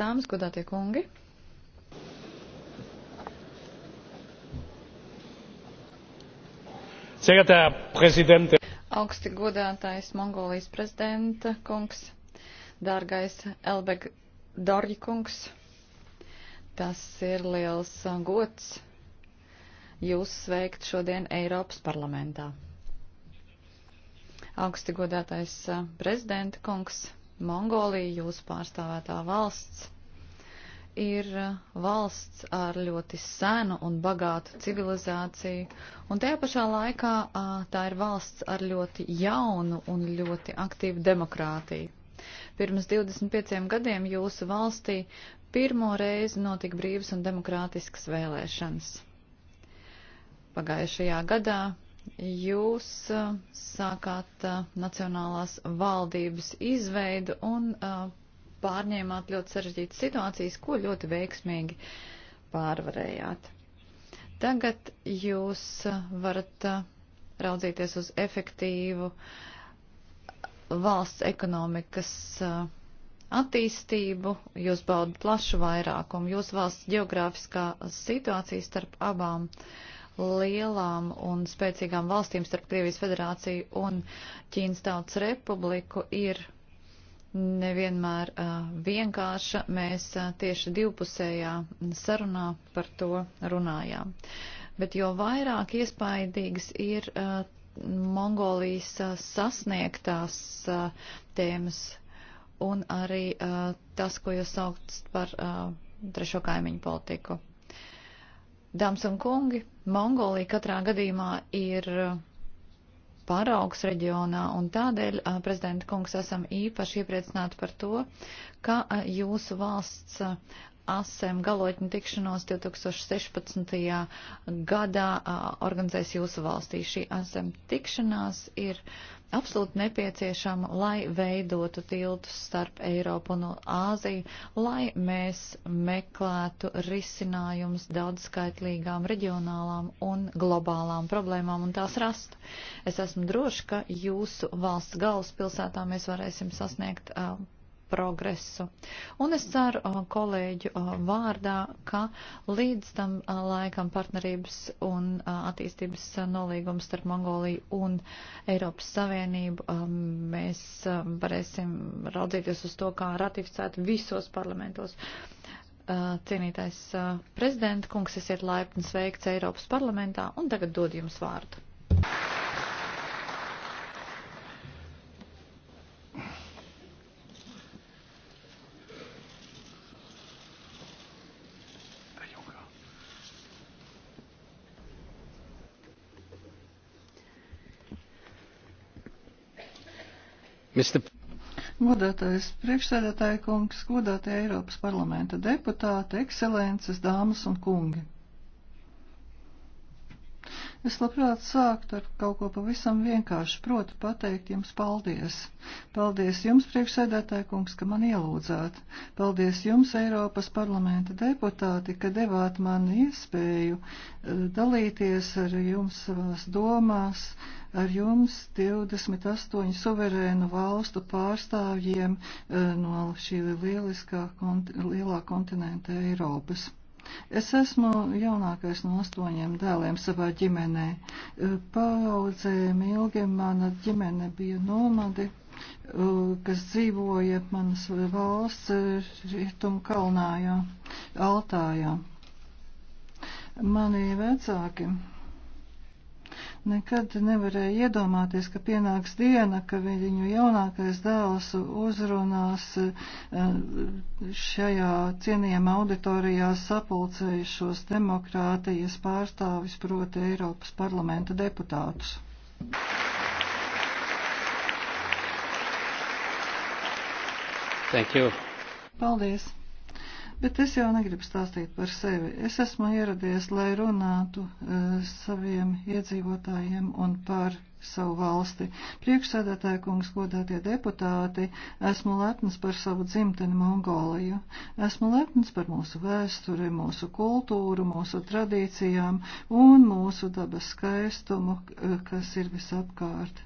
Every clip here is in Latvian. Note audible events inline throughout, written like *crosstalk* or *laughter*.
Tāmas, godātie kungi! Augsti godātais Mongolijas prezidenta kungs, dārgais Elbeg Dorji kungs, tas ir liels gods jūs sveikt šodien Eiropas parlamentā. Augsti godātais prezidenta kungs. Mongolija, jūsu pārstāvētā valsts, ir valsts ar ļoti senu un bagātu civilizāciju, un tajā pašā laikā tā ir valsts ar ļoti jaunu un ļoti aktīvu demokrātiju. Pirms 25 gadiem jūsu valstī pirmo reizi notika brīvas un demokrātiskas vēlēšanas. Pagājušajā gadā Jūs uh, sākāt uh, Nacionālās valdības izveidu un uh, pārņēmāt ļoti sarežģītas situācijas, ko ļoti veiksmīgi pārvarējāt. Tagad jūs varat raudzīties uz efektīvu valsts ekonomikas attīstību, jūs baudat plašu vairākumu, jūs valsts geogrāfiskā situācija starp abām uh, lielām un spēcīgām valstīm starp Krievijas federāciju un Ķīnas tautas republiku ir nevienmēr uh, vienkārša. Mēs uh, tieši divpusējā sarunā par to runājām. Bet jo vairāk iespaidīgas ir uh, Mongolijas uh, sasniegtās uh, tēmas un arī uh, tas, ko jūs saukt par uh, trešo kaimiņu politiku. Dāmas un kungi, Mongolija katrā gadījumā ir uh, paraugs reģionā, un tādēļ, uh, prezidenta kungs, esam īpaši iepriecināti par to, ka uh, jūsu valsts ASEM galotņu tikšanos 2016. gadā organizēs jūsu valstī. Šī ASEM tikšanās ir absolūti nepieciešama, lai veidotu tiltus starp Eiropu un Āziju, lai mēs meklētu risinājums daudzskaitlīgām reģionālām un globālām problēmām un tās rastu. Es esmu droši, ka jūsu valsts galvaspilsētā mēs varēsim sasniegt uh, progresu. Un es ceru kolēģu vārdā, ka līdz tam laikam partnerības un attīstības nolīgums starp Mongoliju un Eiropas Savienību mēs varēsim raudzīties uz to, kā ratificēt visos parlamentos. Cienītais prezidenta kungs, esiet laipni sveikts Eiropas parlamentā un tagad dod jums vārdu. Mr. Godātais priekšsēdētāja kungs, godātie Eiropas parlamenta deputāti, ekscelences, dāmas un kungi! Es labprāt sāktu ar kaut ko pavisam vienkāršu, protu pateikt jums paldies. Paldies jums, priekšsēdētāji kungs, ka man ielūdzāt. Paldies jums, Eiropas parlamenta deputāti, ka devāt man iespēju eh, dalīties ar jums savās domās, ar jums 28 suverēnu valstu pārstāvjiem eh, no šī lieliskā, lielā kontinenta Eiropas. Es esmu jaunākais no astoņiem dēliem savā ģimenē. Paudzēm ilgi mana ģimene bija nomadi, kas dzīvoja manas valsts rietumkalnājā, altājā. Mani vecāki nekad nevarēja iedomāties, ka pienāks diena, ka viņu jaunākais dēls uzrunās eh, šajā cienījama auditorijā sapulcējušos demokrātijas pārstāvis, proti Eiropas parlamenta deputātus. Thank you. Paldies! Bet es jau negribu stāstīt par sevi. Es esmu ieradies, lai runātu uh, saviem iedzīvotājiem un par savu valsti. Priekšsēdētāja kungs, godātie deputāti, esmu lepns par savu dzimteni Mongoliju. Esmu lepns par mūsu vēsturi, mūsu kultūru, mūsu tradīcijām un mūsu dabas skaistumu, e, kas ir visapkārt.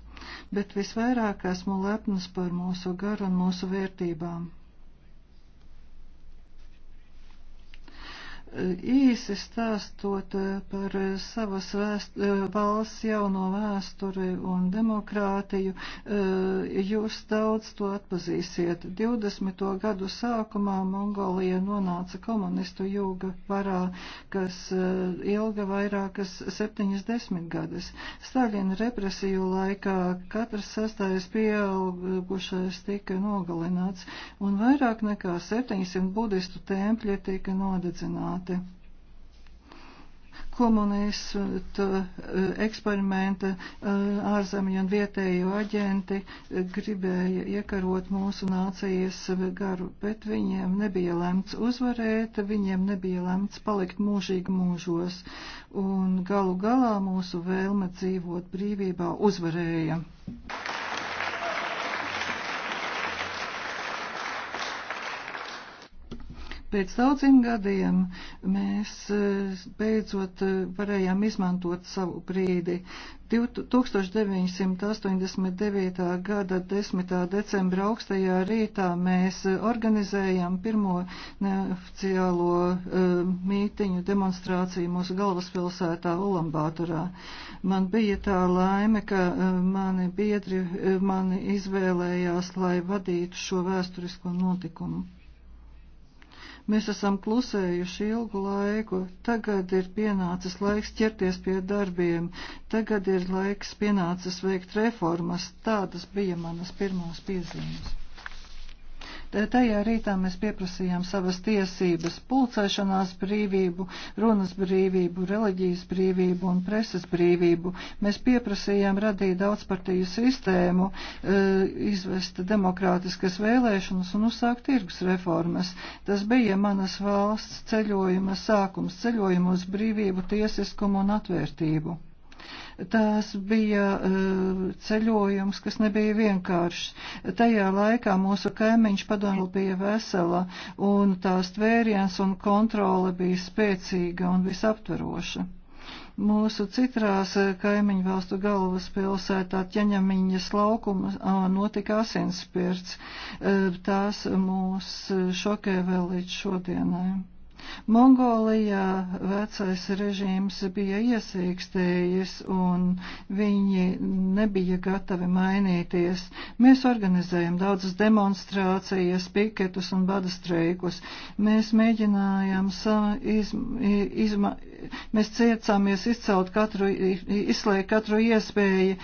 Bet visvairāk esmu lepns par mūsu garu un mūsu vērtībām. īsi stāstot eh, par eh, savas vēst, eh, valsts jauno vēsturi un demokrātiju, jūs daudz to atpazīsiet. 20. gadu sākumā Mongolija nonāca komunistu jūga varā, kas ilga vairākas septiņas desmitgades. Staļina represiju laikā katrs sastais pieaugušais tika nogalināts un vairāk nekā 700 budistu tempļi tika nodedzināti debate komunistu e, eksperimenta e, ārzemju un vietējo aģenti e, gribēja iekarot mūsu nācijas garu, bet viņiem nebija lemts uzvarēt, viņiem nebija lemts palikt mūžīgi mūžos, un galu galā mūsu vēlme dzīvot brīvībā uzvarēja. Pēc daudziem gadiem mēs e, beidzot e, varējām izmantot savu brīdi. 1989. gada 10. decembra augstajā rītā mēs organizējām pirmo neoficiālo uh, mītiņu demonstrāciju mūsu galvaspilsētā Ulambāturā. Man bija tā laime, ka uh, mani biedri uh, mani izvēlējās, lai vadītu šo vēsturisko notikumu. Mēs esam klusējuši ilgu laiku. Tagad ir pienācis laiks ķerties pie darbiem. Tagad ir laiks pienācis veikt reformas. Tādas bija manas pirmās piezīmes. Tajā rītā mēs pieprasījām savas tiesības - pulcēšanās brīvību, runas brīvību, reliģijas brīvību un preses brīvību. Mēs pieprasījām radīt daudzpartiju sistēmu, eh, izvest demokrātiskas vēlēšanas un uzsākt tirgus reformas. Tas bija manas valsts ceļojuma sākums, ceļojuma uz brīvību, tiesiskumu un atvērtību. Tās bija eh, ceļojums, kas nebija vienkāršs. Tajā laikā mūsu kaimiņš padomu bija vesela, un tās tvēriens un kontrole bija spēcīga un visaptveroša mūsu citrās eh, kaimiņu valstu galvaspilsētā ķeņamiņas laukuma notika asinspirts. Eh, tās mūs šokē vēl līdz šodienai. Mongolijā vecais režīms bija iesīkstējis un viņi nebija gatavi mainīties. Mēs organizējam daudzas demonstrācijas, piketus un bada streikus. Mēs mēģinājām izma, mēs ciecāmies izcelt katru, izslēgt katru iespēju e,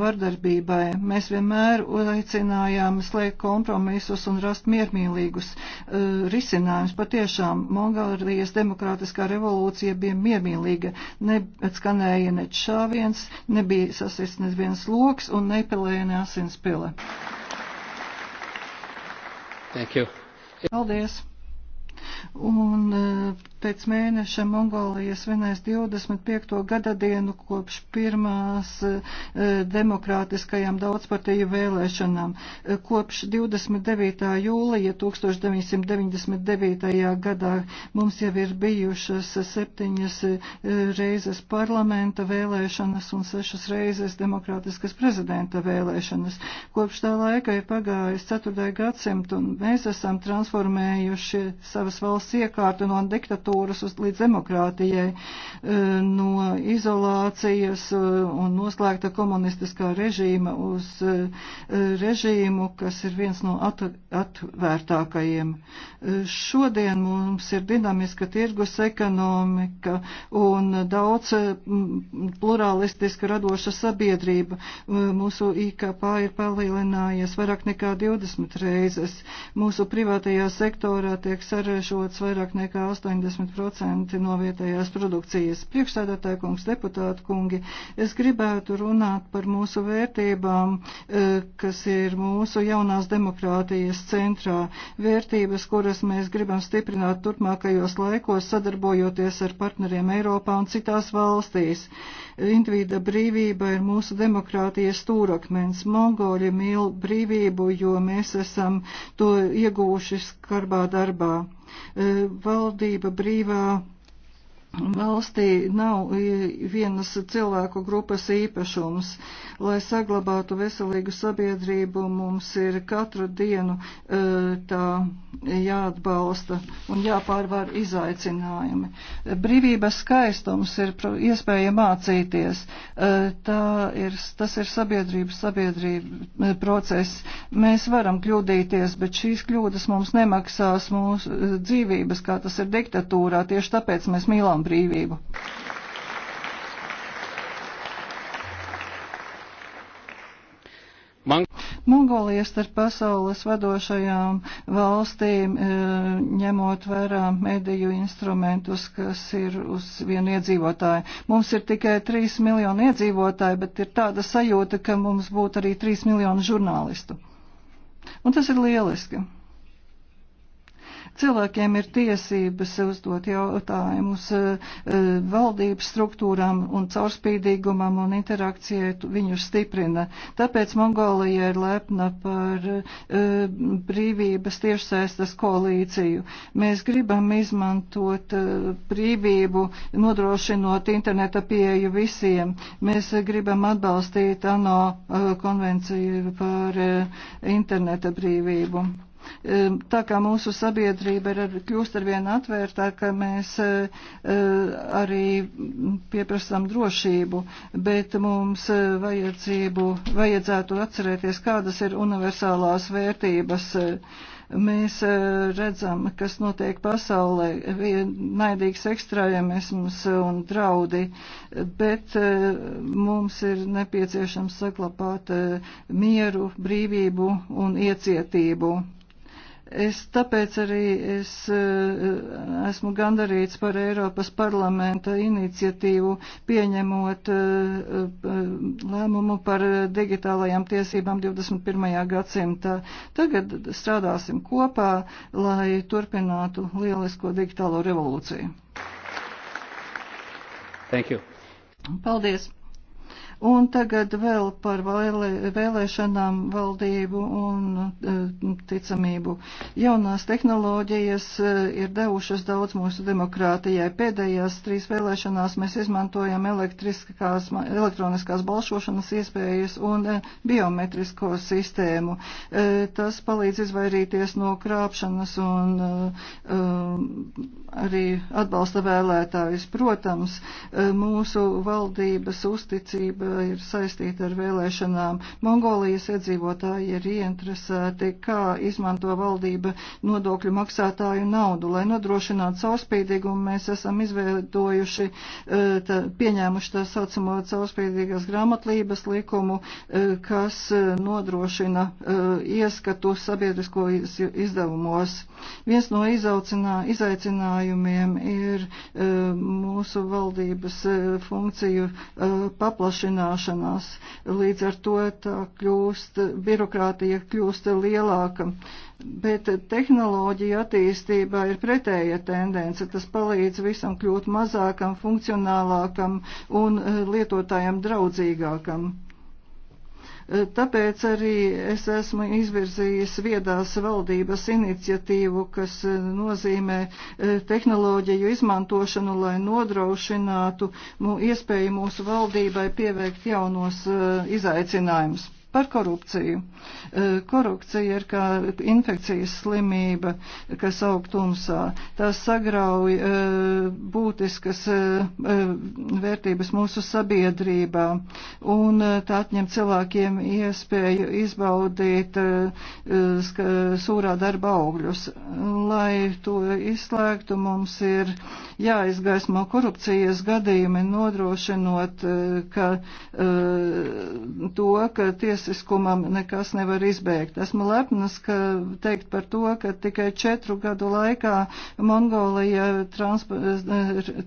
vardarbībai. Mēs vienmēr aicinājām slēgt kompromisus un rast miermīlīgus e, risinājumus. Patiešām Mongolija Ungārijas demokrātiskā revolūcija bija miermīlīga. Neatskanēja ne šāviens, nebija sasists neviens loks un nepelēja ne asins pile. Thank you. Paldies! Un e, pēc mēneša Mongolija svinēs 25. gada dienu kopš pirmās e, demokrātiskajām daudzpartiju vēlēšanām. E, kopš 29. jūlija 1999. gadā mums jau ir bijušas septiņas reizes parlamenta vēlēšanas un sešas reizes demokrātiskas prezidenta vēlēšanas. Kopš tā laika ir pagājis 4. gadsimts un mēs esam transformējuši savas Moldovas valsts iekārtu no diktatūras līdz demokrātijai, e, no izolācijas e, un noslēgta komunistiskā režīma uz e, režīmu, kas ir viens no at atvērtākajiem. Šodien mums ir dinamiska tirgus ekonomika un daudz pluralistiska radoša sabiedrība. Mūsu IKP ir palielinājies vairāk nekā 20 reizes. Mūsu privātajā sektorā tiek sarunāts ierobežots vairāk nekā 80% no vietējās produkcijas. Priekšstādātāji kungs, deputāti kungi, es gribētu runāt par mūsu vērtībām, eh, kas ir mūsu jaunās demokrātijas centrā. Vērtības, kuras mēs gribam stiprināt turpmākajos laikos, sadarbojoties ar partneriem Eiropā un citās valstīs. Individa brīvība ir mūsu demokrātijas stūrakmens. Mongoļi mīl brīvību, jo mēs esam to iegūši skarbā darbā. Eh, valdība brīvā valstī nav vienas cilvēku grupas īpašums. Lai saglabātu veselīgu sabiedrību, mums ir katru dienu e, tā jāatbalsta un jāpārvar izaicinājumi. Brīvības skaistums ir iespēja mācīties. E, tā ir, tas ir sabiedrības sabiedrība e, process. Mēs varam kļūdīties, bet šīs kļūdas mums nemaksās mūsu dzīvības, kā tas ir diktatūrā. Tieši tāpēc mēs mīlam un brīvību. Man... Mongolija starp pasaules vadošajām valstīm, e, ņemot vērā mediju instrumentus, kas ir uz vienu iedzīvotāju. Mums ir tikai 3 miljoni iedzīvotāju, bet ir tāda sajūta, ka mums būtu arī 3 miljoni žurnālistu. Un tas ir lieliski. Cilvēkiem ir tiesības uzdot jautājumus eh, valdības struktūrām un caurspīdīgumam un interakcijai viņus stiprina. Tāpēc Mongolija ir lepna par eh, brīvības tiešsaistes koalīciju. Mēs gribam izmantot eh, brīvību, nodrošinot interneta pieeju visiem. Mēs gribam atbalstīt ANO konvenciju par interneta brīvību. Ehm, tā kā mūsu sabiedrība ir ar, kļūst ar vien atvērtāka, mēs eh, arī pieprasām drošību, bet mums eh, vajadzību, vajadzētu atcerēties, kādas ir universālās vērtības mēs eh, redzam, kas notiek pasaulē, naidīgs ekstrēmisms un draudi, bet mums ir nepieciešams saklapāt mieru, brīvību un iecietību. Es tāpēc arī es, eh, esmu gandarīts par Eiropas parlamenta iniciatīvu pieņemot eh, eh, lēmumu par digitālajām tiesībām 21. gadsimtā. Tagad strādāsim kopā, lai turpinātu lielisko digitālo revolūciju. Thank you. Paldies! Un tagad vēl par vēlēšanām valdību un e, ticamību. Jaunās tehnoloģijas e, ir devušas daudz mūsu demokrātijai. Pēdējās trīs vēlēšanās mēs izmantojam elektroniskās balsošanas iespējas un e, biometrisko sistēmu. Tas palīdz izvairīties no krāpšanas un arī atbalsta vēlētājus. Protams, mūsu valdības uzticība ir saistīta ar vēlēšanām. Mongolijas iedzīvotāji ir ieinteresēti, kā izmanto valdība nodokļu maksātāju naudu. Lai nodrošinātu caurspīdīgumu, mēs esam izveidojuši, e, tā, pieņēmuši tā saucamo caurspīdīgās grāmatlības likumu, e, kas e, nodrošina ieskatu sabiedrisko izdevumos. Viens no izaicinājumiem ir mūsu valdības funkciju paplašināšana samazināšanās. Līdz ar to tā kļūst, birokrātija kļūst lielāka. Bet tehnoloģija attīstībā ir pretēja tendence. Tas palīdz visam kļūt mazākam, funkcionālākam un eh, lietotājam draudzīgākam. Tāpēc arī es esmu izvirzījis viedās valdības iniciatīvu, kas nozīmē e, tehnoloģiju izmantošanu, lai nodrošinātu iespēju mūsu valdībai pieveikt jaunos e, izaicinājumus. Par korupciju. E, korupcija ir kā infekcijas slimība, kas aug tumsā. Tas sagrauj e, būtiskas e, vērtības mūsu sabiedrībā un tā atņem cilvēkiem iespēju izbaudīt sūrā darba augļus. Lai to izslēgtu, mums ir jāizgaismo korupcijas gadījumi, nodrošinot, ka to, ka ties tiesiskumam nekas nevar izbēgt. Esmu lepnas, ka teikt par to, ka tikai četru gadu laikā Mongolija transp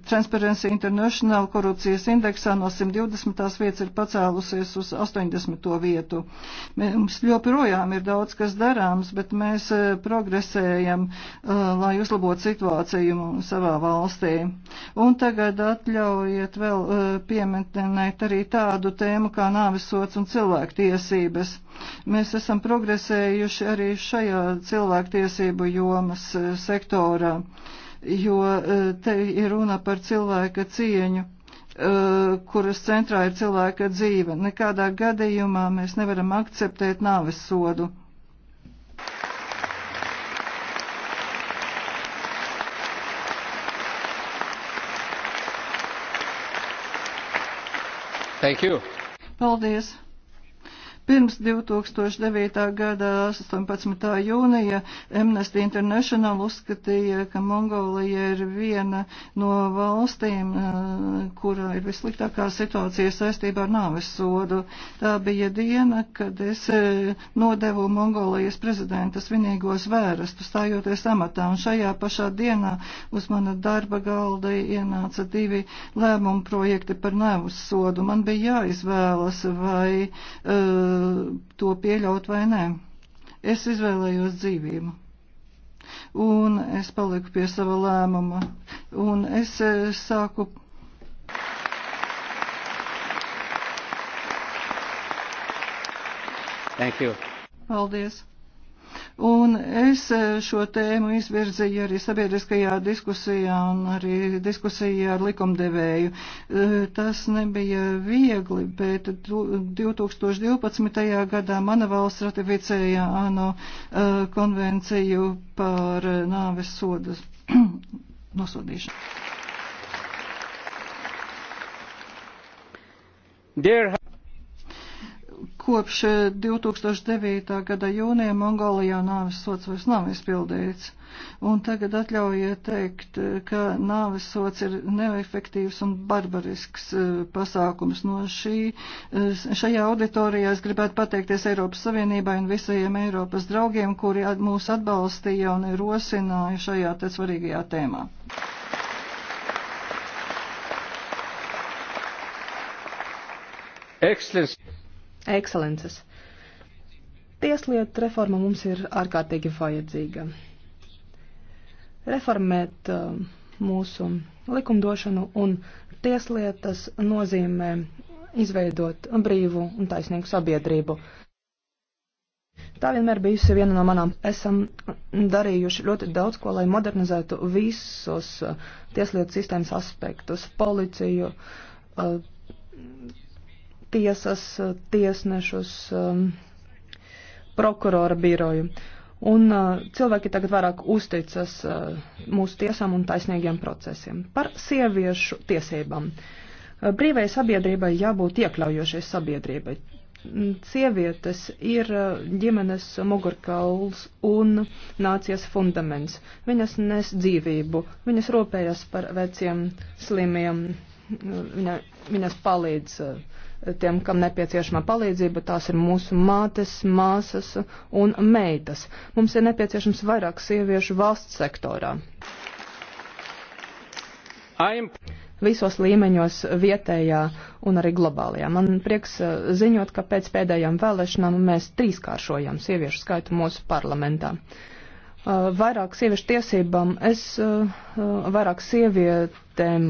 Transparency International korupcijas indeksā no 120. vietas ir pacēlusies uz 80. vietu. Mums joprojām ir daudz kas darāms, bet mēs eh, progresējam, eh, lai uzlabotu situāciju savā valstī. Un tagad atļaujiet vēl eh, pieminēt arī tādu tēmu kā nāvisots un cilvēktiesības cilvēktiesības. Mēs esam progresējuši arī šajā cilvēktiesību jomas eh, sektorā, jo eh, te ir runa par cilvēka cieņu eh, kuras centrā ir cilvēka dzīve. Nekādā gadījumā mēs nevaram akceptēt nāves sodu. Thank you. Paldies. Pirms 2009. gada 18. jūnija Amnesty International uzskatīja, ka Mongolija ir viena no valstīm, eh, kurā ir vissliktākā situācija saistībā ar nāves sodu. Tā bija diena, kad es eh, nodevu Mongolijas prezidenta svinīgos vērestu, stājoties amatā, un šajā pašā dienā uz mana darba galda ienāca divi lēmumu projekti par nāves sodu. Man bija jāizvēlas vai. Uh, Eh, to pieļaut vai nē. Es izvēlējos dzīvību. Un es paliku pie sava lēmuma. Un es eh, sāku Thank you. Paldies. Un es eh, šo tēmu izvirzīju arī sabiedriskajā diskusijā un arī diskusijā ar likumdevēju. Eh, tas nebija viegli, bet 2012. gadā mana valsts ratificēja ANO eh, konvenciju par nāves sodas *clears throat* nosodīšanu. Dear Kopš 2009. Eh, gada jūnija Mongolijā nāves sots vairs nav izpildīts. Un tagad atļaujiet teikt, eh, ka nāves sots ir neefektīvs un barbarisks eh, pasākums. No šī, šajā auditorijā es gribētu pateikties Eiropas Savienībai un visiem Eiropas draugiem, kuri mūs atbalstīja un rosināja šajā te svarīgajā tēmā. Excellence ekscelences. Tieslietu reforma mums ir ārkārtīgi vajadzīga. Reformēt uh, mūsu likumdošanu un tieslietas nozīmē izveidot brīvu un taisnīgu sabiedrību. Tā vienmēr bijusi viena no manām. Esam darījuši ļoti daudz ko, lai modernizētu visus uh, tieslietu sistēmas aspektus - policiju, uh, tiesas, eh, tiesnešus, eh, prokurora biroju. Un eh, cilvēki tagad vairāk uzticas mūsu tiesām un taisnīgiem procesiem. Par sieviešu tiesībām. Brīvai sabiedrībai jābūt iekļaujošai sabiedrībai. Mm, sievietes ir ģimenes mugurkauls un nācijas fundaments. Viņas nes dzīvību, viņas rūpējas par veciem, slimiem, mm, viņa, viņas palīdz uh, tiem, kam nepieciešama palīdzība, tās ir mūsu mātes, māsas un meitas. Mums ir nepieciešams vairāk sieviešu valsts sektorā. I'm... Visos līmeņos vietējā un arī globālajā. Man prieks uh, ziņot, ka pēc pēdējām vēlēšanām mēs trīskāršojam sieviešu skaitu mūsu parlamentā. Uh, vairāk sieviešu tiesībām es uh, vairāk sievietēm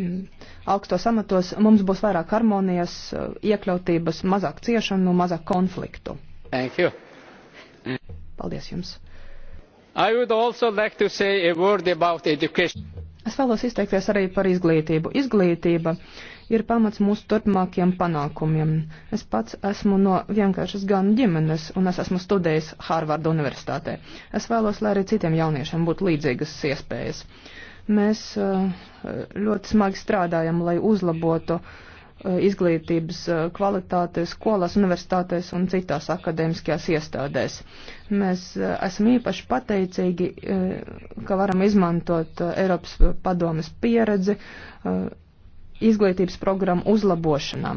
Mm, augstos amatos, mums būs vairāk harmonijas, eh, iekļautības, mazāk ciešanu, mazāk konfliktu. Thank you. Paldies jums. I would also like to say a word about education. Es vēlos izteikties arī par izglītību. Izglītība ir pamats mūsu turpmākiem panākumiem. Es pats esmu no vienkāršas gan ģimenes, un es esmu studējis Hārvarda universitātē. Es vēlos, lai arī citiem jauniešiem būtu līdzīgas iespējas. Uh, Mēs uh, ļoti smagi strādājam, lai uzlabotu uh, izglītības uh, kvalitāti skolās, universitātēs un citās akadēmiskajās iestādēs. Mēs esam īpaši pateicīgi, ka varam izmantot Eiropas padomes pieredzi izglītības programmu uzlabošanā.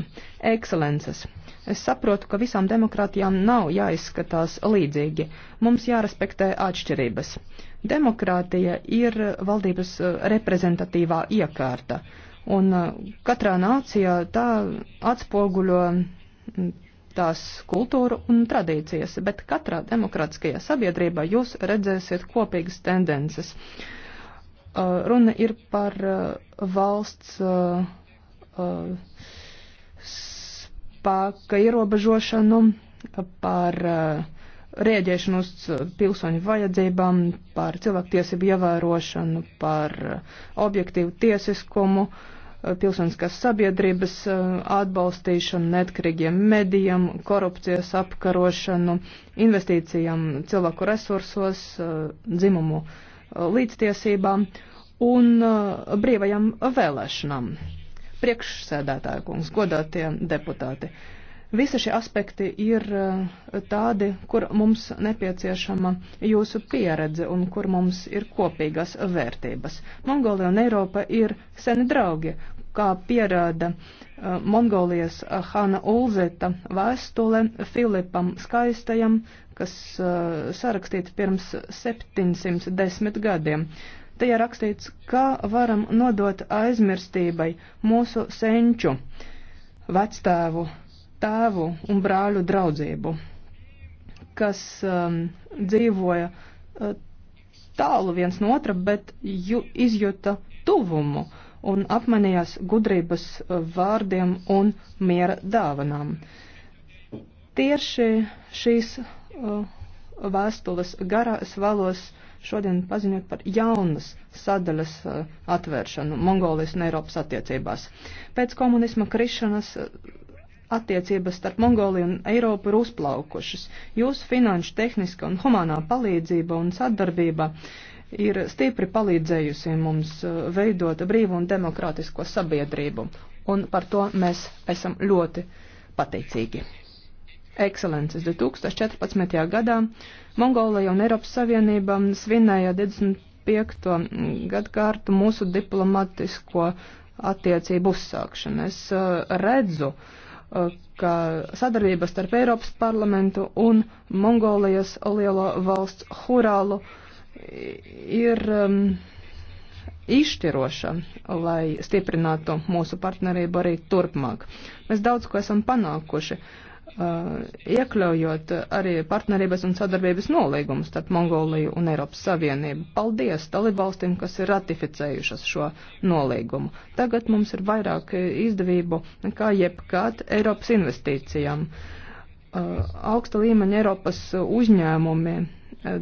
Ekscelences. Es saprotu, ka visām demokrātijām nav jāizskatās līdzīgi. Mums jārespektē atšķirības. Demokrātija ir valdības eh, reprezentatīvā iekārta, un eh, katrā nācijā tā atspoguļo mm, tās kultūru un tradīcijas, bet katrā demokrātiskajā sabiedrībā jūs redzēsiet kopīgas tendences. Eh, runa ir par valsts spēka ierobežošanu, par uh, rēģēšanu uz pilsoņu vajadzībām, par cilvēktiesību ievērošanu, par objektīvu tiesiskumu, pilsoniskās sabiedrības eh, atbalstīšanu, netkarīgiem medijiem, korupcijas apkarošanu, investīcijām cilvēku resursos, eh, dzimumu eh, līdztiesībām un brīvajām vēlēšanām. Priekšsēdētāju kungs, godātie deputāti. Visi šie aspekti ir eh, tādi, kur mums nepieciešama jūsu pieredze un kur mums ir kopīgas vērtības. Mongolija un Eiropa ir seni draugi, kā pierāda eh, Mongolijas Hana Ulzeta vēstule Filipam Skaistajam, kas eh, sarakstīta pirms 710 gadiem. Tajā rakstīts, kā varam nodot aizmirstībai mūsu senču vectēvu tēvu un brāļu draudzību, kas um, dzīvoja uh, tālu viens no otra, bet ju, izjuta tuvumu un apmanījās gudrības uh, vārdiem un miera dāvanām. Tieši šīs uh, vēstules garā es vēlos šodien paziņot par jaunas sadaļas uh, atvēršanu Mongolijas un Eiropas attiecībās. Pēc komunisma krišanas uh, attiecības starp Mongoliju un Eiropu ir uzplaukušas. Jūsu finanšu, tehniska un humanā palīdzība un sadarbība ir stipri palīdzējusi mums uh, veidot brīvu un demokrātisko sabiedrību, un par to mēs esam ļoti pateicīgi. Ekscelences 2014. gadā Mongolija un Eiropas Savienība svinēja 25. gadkārtu mūsu diplomatisko attiecību uzsākšanu. Es uh, redzu, uh, ka sadarbība starp Eiropas parlamentu un Mongolijas lielo valsts hurālu ir um, izšķiroša, lai stiprinātu mūsu partnerību arī turpmāk. Mēs daudz ko esam panākuši. Uh, Uh, iekļaujot arī partnerības un sadarbības nolīgumus starp Mongoliju un Eiropas Savienību. Paldies dalībvalstīm, kas ir ratificējušas šo nolīgumu. Tagad mums ir vairāk izdevību nekā jebkad Eiropas investīcijām. Uh, augsta līmeņa Eiropas uzņēmumi uh,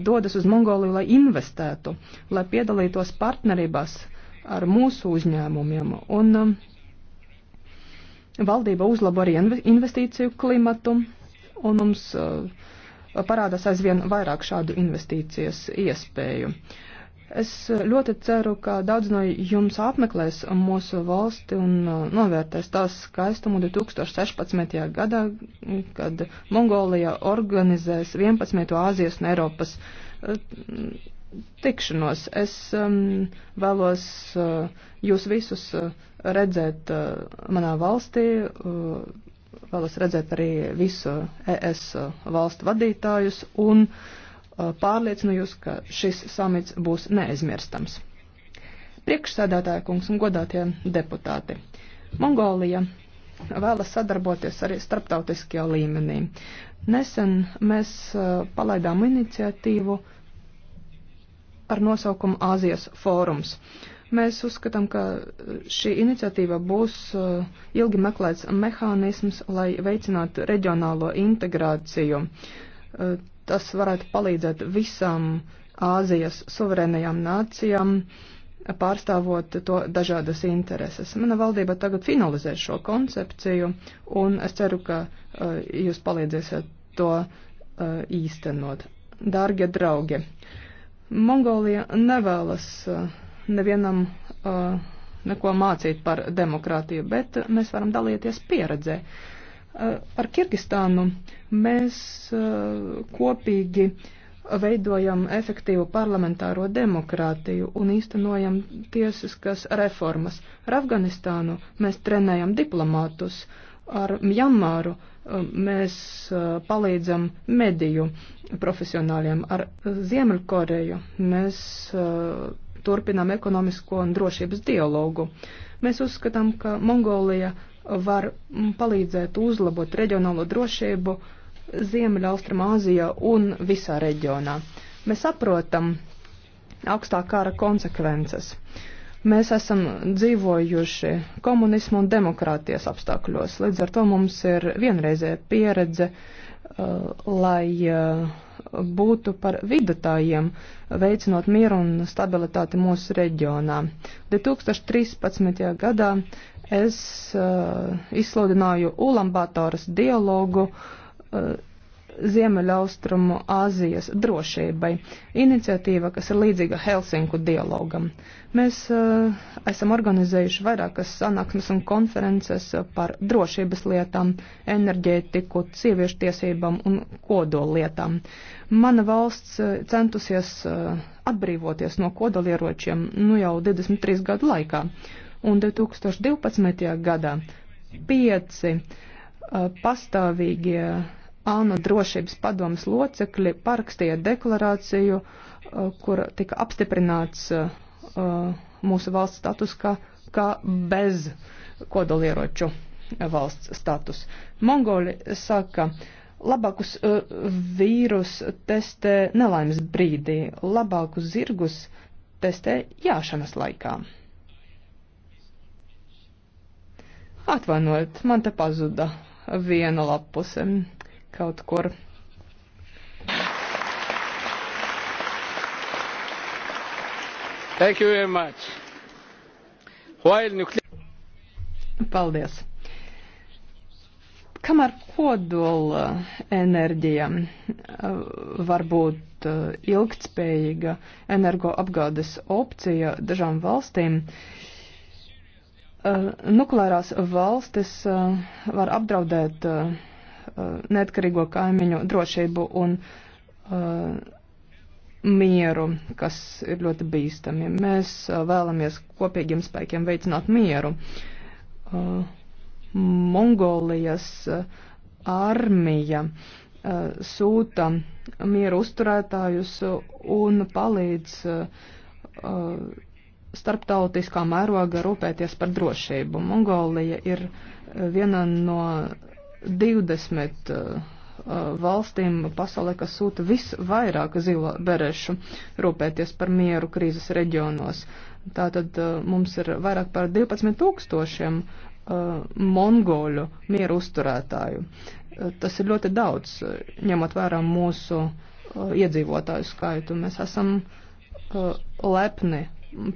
dodas uz Mongoliju, lai investētu, lai piedalītos partnerībās ar mūsu uzņēmumiem. Un, uh, Valdība uzlabo arī investīciju klimatu, un mums uh, parādās aizvien vairāk šādu investīcijas iespēju. Es uh, ļoti ceru, ka daudz no jums apmeklēs mūsu valsti un uh, novērtēs tās skaistumu 2016. gadā, kad Mongolija organizēs 11. Āzijas un Eiropas tikšanos. Es um, vēlos uh, jūs visus uh, redzēt eh, manā valstī, eh, vēlos redzēt arī visu ES valstu vadītājus un eh, pārliecinu jūs, ka šis samits būs neaizmirstams. Priekšsēdētāja kungs un godātie deputāti. Mongolija vēlas sadarboties arī starptautiskajā līmenī. Nesen mēs palaidām iniciatīvu ar nosaukumu Āzijas fórums. Uh, Mēs uzskatām, ka šī iniciatīva būs uh, ilgi meklēts mehānisms, lai veicinātu reģionālo integrāciju. Uh, tas varētu palīdzēt visām Āzijas suverēnajām nācijām pārstāvot to dažādas intereses. Mana valdība tagad finalizē šo koncepciju, un es ceru, ka uh, jūs palīdzēsiet to uh, īstenot. Dārgie draugi, Mongolija nevēlas uh, nevienam uh, neko mācīt par demokrātiju, bet mēs varam dalīties pieredzē. Uh, ar Kirgistānu mēs uh, kopīgi veidojam efektīvu parlamentāro demokrātiju un īstenojam tiesiskas reformas. Ar Afganistānu mēs trenējam diplomātus, ar Mjanmāru uh, mēs uh, palīdzam mediju profesionāļiem, ar Ziemeļkoreju mēs uh, turpinām ekonomisko un drošības dialogu. Mēs uzskatām, ka Mongolija var mm, palīdzēt uzlabot reģionālo drošību Ziemeļaustrumāzijā un visā reģionā. Mēs saprotam augstā kara konsekvences. Mēs esam dzīvojuši komunismu un demokrātijas apstākļos, līdz ar to mums ir vienreizē pieredze, uh, lai uh, būtu par vidutājiem, veicinot mieru un stabilitāti mūsu reģionā. 2013. gadā es uh, izsludināju Ulambatoras dialogu uh, Ziemeļaustrumu Āzijas drošībai. Iniciatīva, kas ir līdzīga Helsinku dialogam. Mēs uh, esam organizējuši vairākas sanāksmes un konferences par drošības lietām, enerģētiku, sieviešu tiesībām un kodolietām. Mana valsts eh, centusies uh, atbrīvoties no kodolieročiem nu jau 23 gadu laikā. Un 2012. gadā pieci uh, pastāvīgie ANO drošības padomas locekļi parakstīja deklarāciju, uh, kur tika apstiprināts uh, uh, mūsu valsts status kā, kā bez kodolieroču valsts status. Mongoli saka, labākus vīrus testē nelaimes brīdī, labākus zirgus testē jāšanas laikā. Atvainojiet, man te pazuda viena lapuse kaut kur. Paldies. Kamēr kodola enerģija uh, var būt uh, ilgtspējīga energoapgādes opcija dažām valstīm, uh, nukleārās valstis var apdraudēt Uh, neatkarīgo kaimiņu drošību un uh, mieru, kas ir ļoti bīstami. Mēs uh, vēlamies kopīgiem spēkiem veicināt mieru. Uh, Mongolijas uh, armija uh, sūta mieru uzturētājus un palīdz starptautiskā mēroga rūpēties par drošību. Mongolija ir viena no 20 uh, valstīm pasaulē, kas sūta visvairāk zilo berešu rūpēties par mieru krīzes reģionos. Tātad uh, mums ir vairāk par 12 tūkstošiem uh, mongoļu mieru uzturētāju. Tas ir ļoti daudz, ņemot vērā mūsu iedzīvotāju skaitu. Mēs esam lepni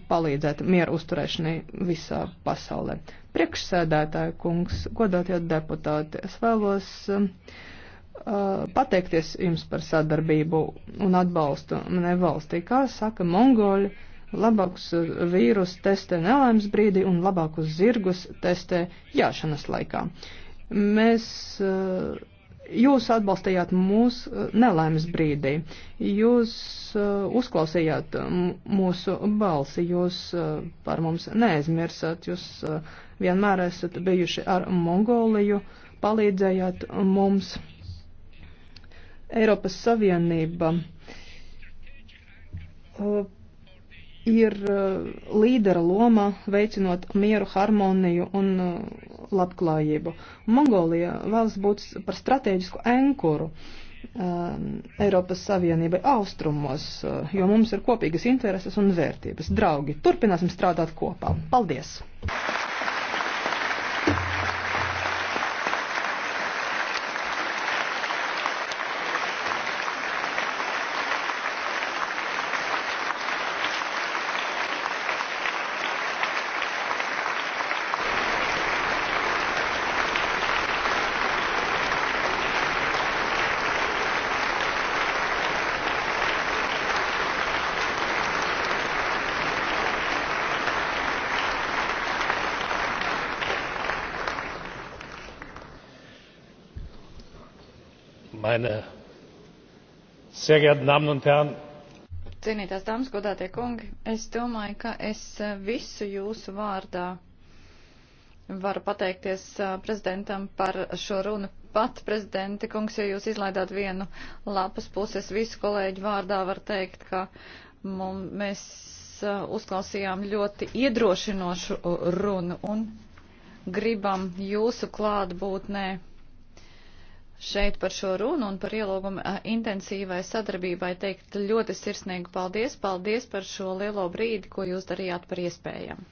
palīdzēt mieru uzturēšanai visā pasaulē. Priekšsēdētāja kungs, godātie deputāti, es vēlos um, uh, pateikties jums par sadarbību un atbalstu manai valstī. Kā saka mongoļi, labākus uh, vīrus testē nelaimes brīdī un labākus zirgus testē jāšanas laikā. Mēs uh, Jūs atbalstījāt mūs uh, nelaimes brīdī, jūs uh, uzklausījāt uh, mūsu balsi, jūs par mums neaizmirsat, jūs vienmēr esat bijuši ar Mongoliju, palīdzējāt mums. Eiropas Savienība ir e, līdera loma veicinot mieru, harmoniju un e, labklājību. Mongolija vēlas būt par strateģisku enkuru um, e, Eiropas Savienībai austrumos, jo mums ir kopīgas intereses un vērtības. Draugi, turpināsim strādāt kopā. Paldies! meine sehr geehrten Damen und Herren! Cienītās dāmas, godātie kungi, es domāju, ka es eh, visu jūsu vārdā varu pateikties eh, prezidentam par šo runu. Pat prezidenta kungs, ja jūs izlaidāt vienu lapas puses, visu kolēģu vārdā var teikt, ka mums, mēs eh, uzklausījām ļoti iedrošinošu runu un gribam jūsu klātbūtnē šeit par šo runu un par ielūgumu eh, intensīvai sadarbībai teikt ļoti sirsnīgu paldies. Paldies par šo lielo brīdi, ko jūs darījāt par iespējamu.